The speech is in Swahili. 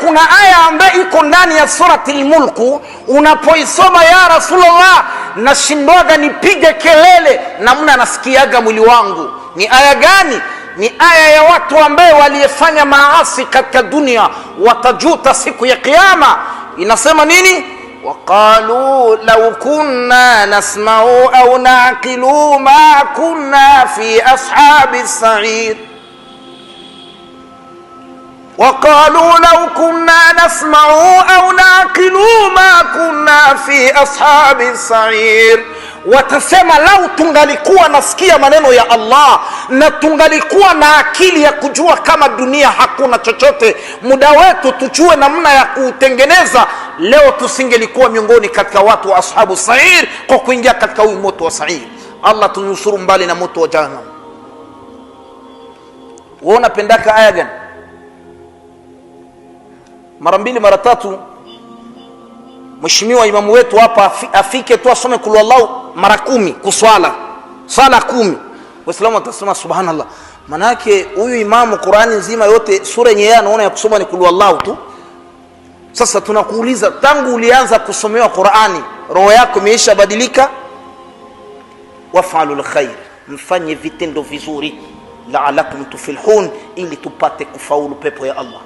kuna aya ambayo iko ndani ya surati Lmulku, unapoisoma ya Rasulullah, nashindwaga nipige kelele, namna nasikiaga mwili wangu. Ni aya gani? Ni aya ya watu ambao waliyefanya maasi katika dunia, watajuta siku ya Kiyama. Inasema nini? waqalu lau kunna nasmau au naqilu ma kunna fi ashabi sair وقالوا لو كنا نسمع أو نعقل ما كنا في أصحاب السعير watasema lau tungalikuwa nasikia maneno ya Allah na tungalikuwa na akili ya kujua kama dunia hakuna chochote, muda wetu tuchue namna ya kuutengeneza, leo tusingelikuwa miongoni katika watu wa ashabu sair kwa kuingia katika huyu moto wa sair. Allah tunusuru mbali na moto wa jahannam. Wewe unapendaka aya gani? mara mbili mara tatu, mheshimiwa imamu wetu hapa afike tu asome kulu allahu mara kumi kuswala sala kumi, waislamu watasema subhanallah. Manake huyu imamu Qurani nzima yote sura yenye yeye anaona ya kusoma ni kulu allahu tu. Sasa tunakuuliza, tangu ulianza kusomewa Qurani roho yako imeisha badilika? wafalu khair, mfanye vitendo vizuri, laalakum tuflihun, ili tupate kufaulu pepo ya Allah.